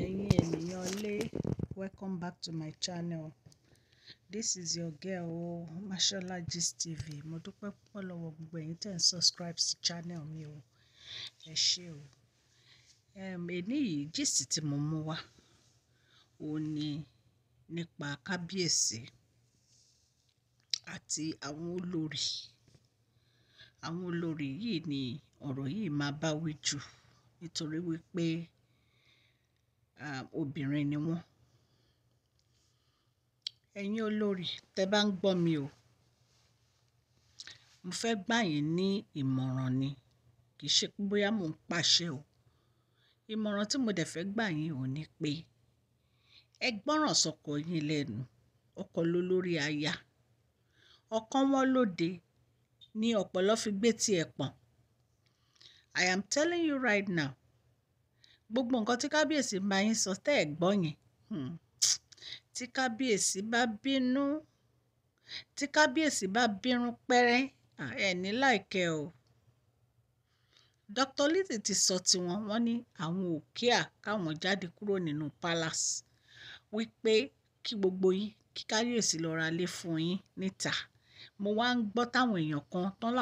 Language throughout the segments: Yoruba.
ẹ̀yin ènìyàn lé welcome back to my channel this is your girl o Mashola Gist TV mo dúpẹ́ púpọ̀ lọ́wọ́ gbogbo ẹ̀yin tẹ̀ ń subscribe sí channel mi o ẹ ṣé o èní yìí gist tí mo mú wá ó ní nípa kábíyèsí àti àwọn olórí àwọn olórí yìí ni ọ̀rọ̀ yìí máa bá jù nítorí wípé obìnrin ni wọ́n ẹ̀yin olórí tẹ́ bá ń gbọ́ mi o mo fẹ́ gbà yín ní ìmọ̀ràn ni kì í ṣe pé bóyá mò ń pàṣẹ o ìmọ̀ràn tí mo dẹ̀ fẹ́ gbà yín ò ní pé ẹ gbọ́ràn sọ́kọ yín lẹ́nu ọkọ ló lórí aya ọkàn wọn lóde ni ọ̀pọ̀lọ́ fi gbé tiẹ̀ pọ̀n I am telling you right now gbogbo nǹkan tí kábíyèsí bá yín sọ tẹ́ ẹ̀ gbọ́ yẹn hmm, tí kábíyèsí bá bínú tí kábíyèsí bá bínú pẹ́rẹ́ ẹ̀ ní láìkẹ́ o Dr. Lizzy ti sọ tiwọn wọ́n ní àwọn ò kíá káwọn jáde kúrò nínú palace wípé kí gbogbo yín kí kábíyèsí lọ ra lé fún yín níta mo wá ń gbọ́ táwọn èèyàn kan tán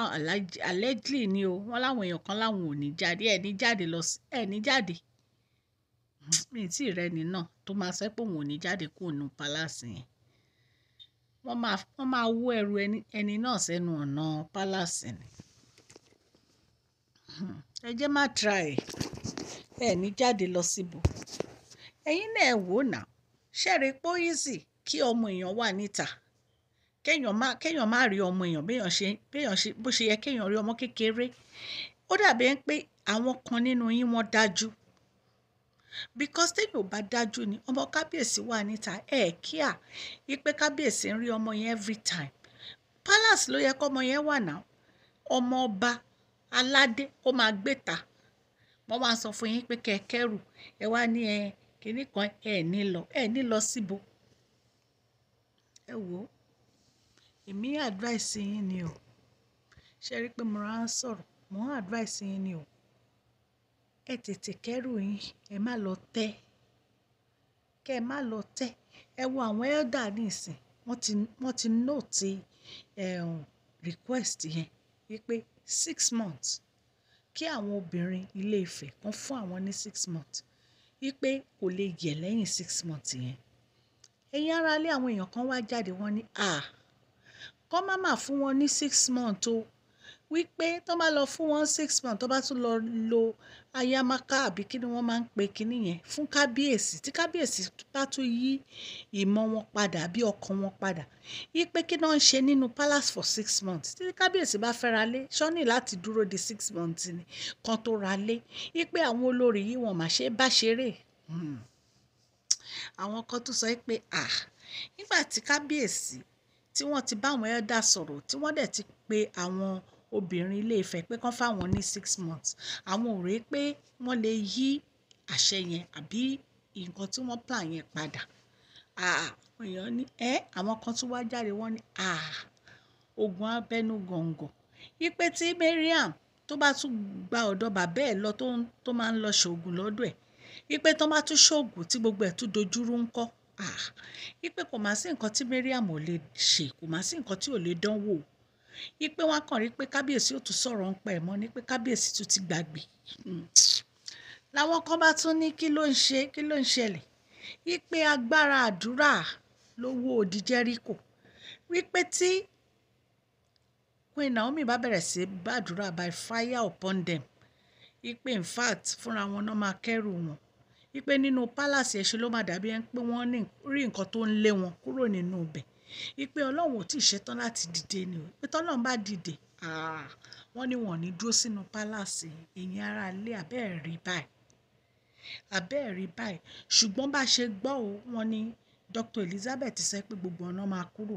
allegedly ni o wọ́n láwọn èèyàn kan láwọn ò ní jáde ẹ̀ ní jáde lọ ẹ̀ ní jáde mi tí ì rẹ́ni náà tó máa sọ pé òun ò ní jáde kúrò nínú palace yẹn wọ́n máa wọ́n máa wó ẹrù ẹni náà sẹ́nu ọ̀nà palace ni ẹ jẹ́ má try ẹ ní jáde lọ síbo ẹ̀yin náà wò náà ṣẹ́ẹ̀rí póyìsì kí ọmọ èèyàn wà níta kéèyàn má kéèyàn má rí ọmọ èèyàn béèyàn ṣe béèyàn ṣe bó ṣe yẹ kéèyàn rí ọmọ kékeré ó dàbí ẹ pé àwọn kan nínú yín wọ́n dájú because téèyàn ò bá dájú ni ọmọ kábíyèsí wà níta ẹ̀ kíá ipe kábíyèsí ń rí ọmọ yẹn every time palace ló yẹ kọ́mọ yẹn wà náà ọmọ ọba aládé kó máa gbéta wọ́n wá sọ fún yín pé kẹ̀kẹ́rù ẹ wá ní ẹ kínní kan ẹ ní lọ ẹ ní lọ síbo ẹ wò ó èmi advice yín ni o ṣe rí i pé mo rà ń sọ̀rọ̀ mo ń advice yín ni o ẹ tètè kẹ́rù yín ẹ má lọ tẹ́ kẹ́ ẹ má lọ tẹ́ ẹ wo àwọn elder nísìn wọ́n ti wọ́n ti ehm, request yẹn wípé six months kí àwọn obìnrin ilé Ifẹ̀ kan fún àwọn ní six months wípé kò lè yẹ̀ lẹ́yìn six months yẹn ẹ̀yin aráalé àwọn èèyàn kan wá jáde wọ́n ni à kọ́ má má fún wọn ní six months o. Oh wípé tó bá lọ fún wọn six months. tó bá tún lọ lo ayámáká àbí kí ni wọ́n máa ń pe kinní yẹn fún kábíyèsí tí kábíyèsí bá tún yí ìmọ̀ wọn padà àbí ọkàn wọn padà wípé kí náà ń ṣe nínú palace for six months tí kábíyèsí bá fẹ́ ra lé sọ́ni láti dúró di six months ni kan tó ra lé wípé àwọn olórí yìí wọ́n máa ṣe bá ṣeré hmm. àwọn kan tún sọ pé ah nígbà tí kábíyèsí tí wọ́n ti bá àwọn ẹ̀dá sọ̀rọ̀ tí wọ́n dẹ̀ ti pe àwọn obìnrin ilé Ifẹ̀ pé kán fáwọn ní six months àwọn ò rè pé wọ́n lè yí àṣẹ yẹn àbí nǹkan tí wọ́n plan yẹn padà àwọn èèyàn ní ẹ́ àwọn kan tún wá jáde wọ́n ní ogun abẹ́nú gọ̀ǹgọ̀ ipe tí Mariam tó bá tún gba ọ̀dọ̀ bàbá ẹ̀ lọ tó máa ń lọ ṣoògùn lọ́dọ̀ ẹ̀ ipe tó bá tún ṣoògùn tí gbogbo ẹ̀ tún dojúrú ń kọ́ ipe kò má sí nǹkan tí Mariam ò lè ṣe kò má sí nǹkan tí ò lè dánwò yí pé wọ́n á kàn rí pé kábíyèsí ò tún sọ̀rọ̀ ń pa ẹ̀ mọ́ ni pé kábíyèsí tún ti gbàgbé hmm. làwọn kan bá tún ní kí ló ń ṣe kí ló ń ṣẹlẹ̀ yí agbára àdúrà ló wó Jẹ́ríkò wípé tí Queen Naomi bá bẹ̀rẹ̀ sí gbàdúrà by fire upon them ipe in fact fúnra wọn náà máa kẹ́rù wọn ipe nínú palace ẹ̀ṣẹ̀ ló máa dàbí ẹni pé wọ́n rí nǹkan tó ń lé wọn kúrò nínú ibẹ̀ wípé Ọlọ́run ò tí ì ṣetán láti dìde ni o. Pé tí Ọlọ́run bá dìde, àh! Wọ́n ní wọ́n ní dúró sínú palace. Ẹ̀yin ará ilé àbẹ́ẹ̀ rí báyìí. Àbẹ́ẹ̀ rí báyìí. Ṣùgbọ́n bá ṣe gbọ́ o, wọ́n ní Dr. Elizabeth sọ pé gbogbo wọn máa kúrò.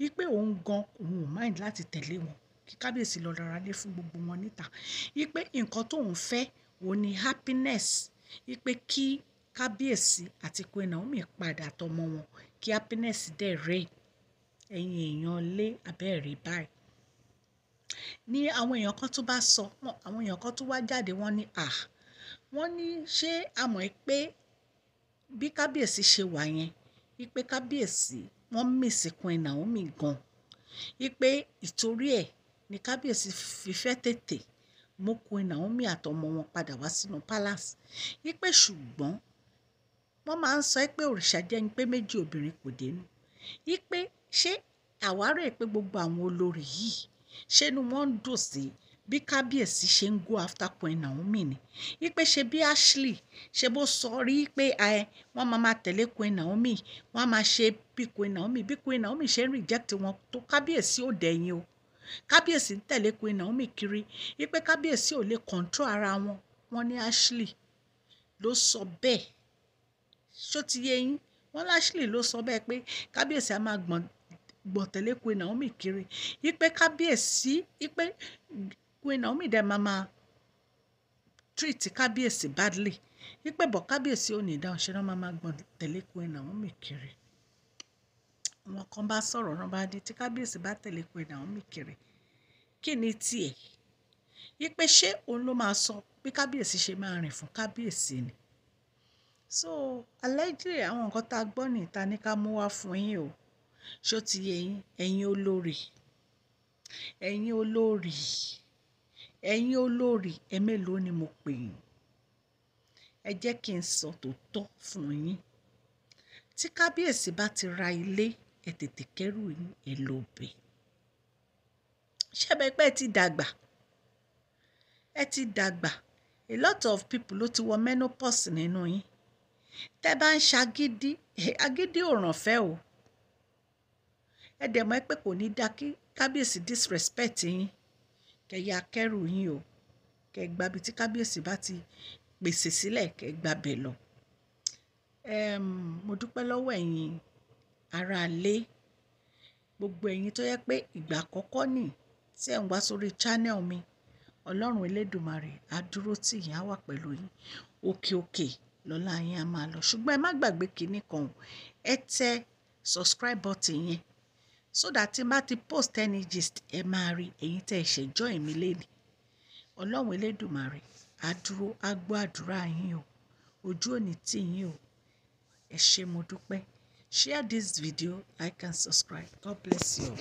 Wípé òun gan, òun ò mind láti tẹ̀lé wọn. Kí Kábíyèsí lọ ra ilé fún gbogbo wọn níta. Wípé nǹkan tó fẹ́, òun ni happiness. Wípé kí Kábíyèsí àti Queen Naomi padà tọmọ wọn. Kí happiness dẹ̀ reign ẹ̀yin èèyàn lé abẹ́rẹ́ báyìí ní àwọn èèyàn kan tó bá sọ àwọn èèyàn kan tó wá jáde wọ́n ní à wọ́n ní ṣé àmọ́ ẹ pé bí kábíyèsí ṣe wà yẹn wípé kábíyèsí wọ́n mèsì Queen Naomi gan wípé ìtorí ẹ̀ ni kábíyèsí fi fẹ́ tètè mú Queen Naomi àtọmọ wọn padà wá sínú palace wípé ṣùgbọ́n wọ́n máa ń sọ pé òrìṣà jẹ́ ni pé méjì obìnrin kò dénú wípé ṣé àwárẹ̀ pé gbogbo àwọn olórí yìí ṣé inú wọn ń dùn sí bí kábíyèsí ṣe ń go after Queen Naomi ni wípé ṣe bí Ashley ṣe bó sọ rí pé ẹ wọ́n máa máa tẹ̀lé Queen Naomi wọ́n máa ṣe bí Queen Naomi bí Queen Naomi ṣe ń reject wọn tó kábíyèsí ò dẹ̀yìn o kábíyèsí ń tẹ̀lé Queen Naomi kiri wípé kábíyèsí ò lè control ara wọn wọ́n ní Ashley ló sọ bẹ́ẹ̀ ṣó ti yé yín wọ́n ní Ashley ló sọ bẹ́ẹ̀ pé kábíyèsí á máa gbọ̀n gbọ̀tẹ̀lé Queen Naomi kiri ipe kábíyèsí ipe Queen Naomi dẹ̀ máa máa treat kábíyèsí badly ipe bọ̀ kábíyèsí ò ní ìdáhùn ṣe náà máa máa gbọ̀tẹ̀lé Queen Naomi kiri wọn kan bá sọ̀rọ̀ náà bá di tí kábíyèsí bá tẹ̀lé Queen Naomi kiri kí ni tiẹ̀ ipe ṣé òun ló máa sọ bí kábíyèsí ṣe máa rìn fún kábíyèsí ni so allegedly àwọn nǹkan tá a gbọ́ ní ní ká mú wá fún yín o Ṣé ó ti yé yín? Ẹ̀yin olórí, ẹ̀yin olórí, ẹ̀yin olórí, ẹ̀ mélòó ni mo pè yín? Ẹ jẹ́ kí n sọ tòótọ́ fún yín. Tí kábíyèsí bá ti ra ilé, ẹ tètè kẹ́rù yín, ẹ lọ bẹ̀. Ṣé ẹ ti dàgbà? Ẹ ti dàgbà. A lot of people ló ti wọ menopause nínú yín. Tẹ bá ń ṣagídí, agídí ò rànfẹ́ o ẹ dẹ̀ mọ̀ pé kò ní dá kí kábíyèsí disrespect yín kẹ ya kẹ́rù yín o kẹ gba ibi tí kábíyèsí bá ti pèsè sílẹ̀ kẹ gba bẹ̀ lọ. mo dúpẹ́ lọ́wọ́ ẹ̀yin aráalé gbogbo ẹ̀yin tó yẹ pé ìgbà àkọ́kọ́ nì tí ẹ̀ ń wá sórí channel mi ọlọ́run elédùmarè á dúró tì yín wà pẹ̀lú yín òkè òkè lọ́lá yín á máa lọ ṣùgbọ́n ẹ má gbàgbé kinní kan ẹ tẹ subscribe button yẹn so that tí n bá ti post any gist ẹ máa rí ẹ̀yin tẹ́ ẹ ṣe join mi lẹ́nu ọlọ́run elédùnmarè á dúró á gbọ́ àdúrà yín o ojú òní tì yín o ẹ ṣé mo dúpẹ́ share this video like and subscribe god bless you.